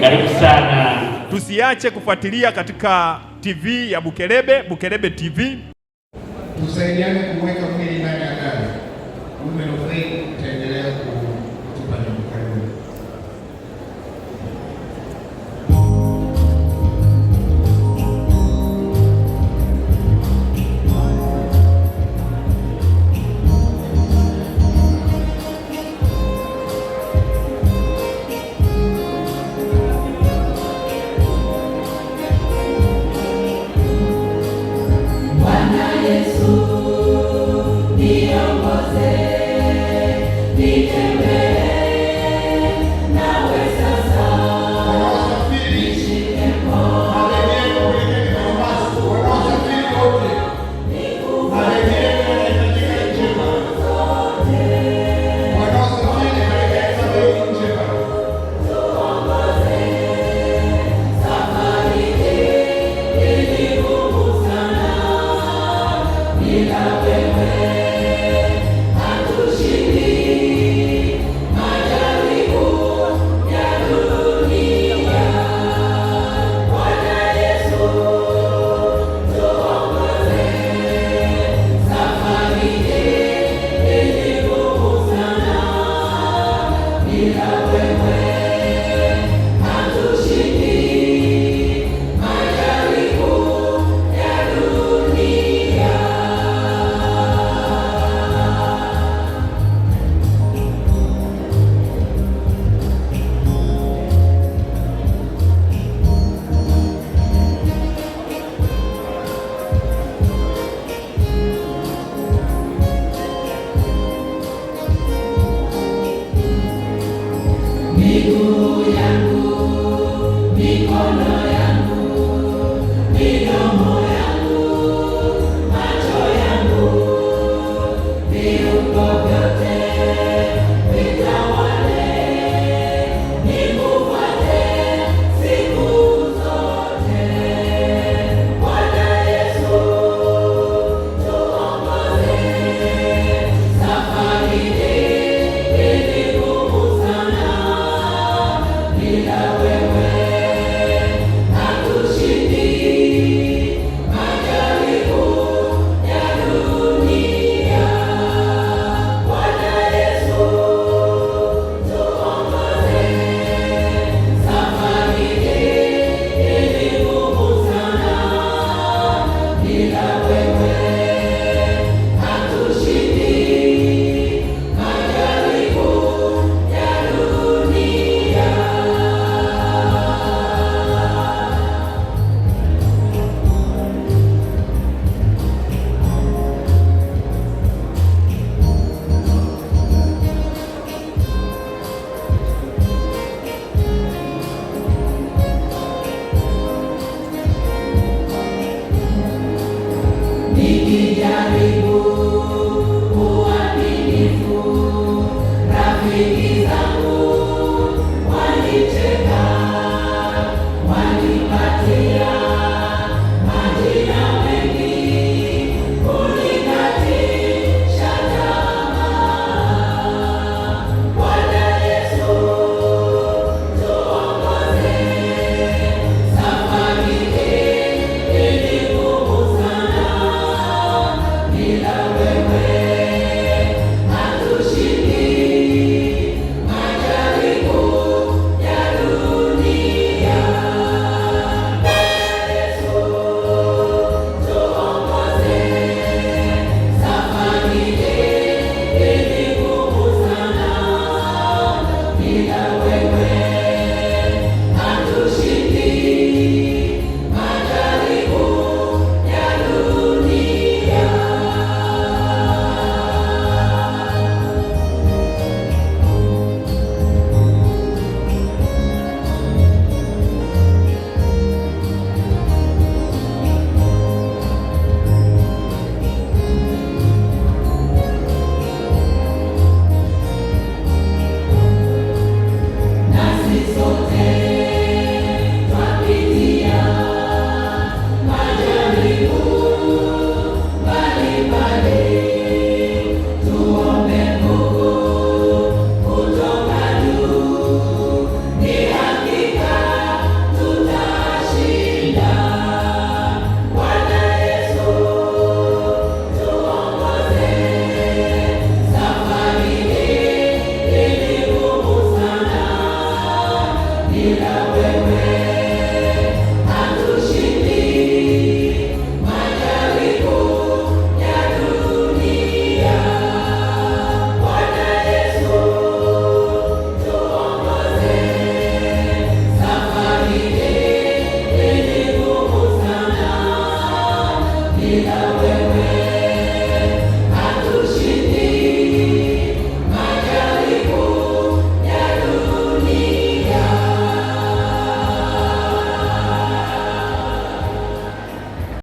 Karibu sana. Tusiache kufuatilia katika TV ya Bukelebe, Bukelebe TV. Tusaidiane kuweka kweli ndani ya gari. Mume na mke Because Yeah.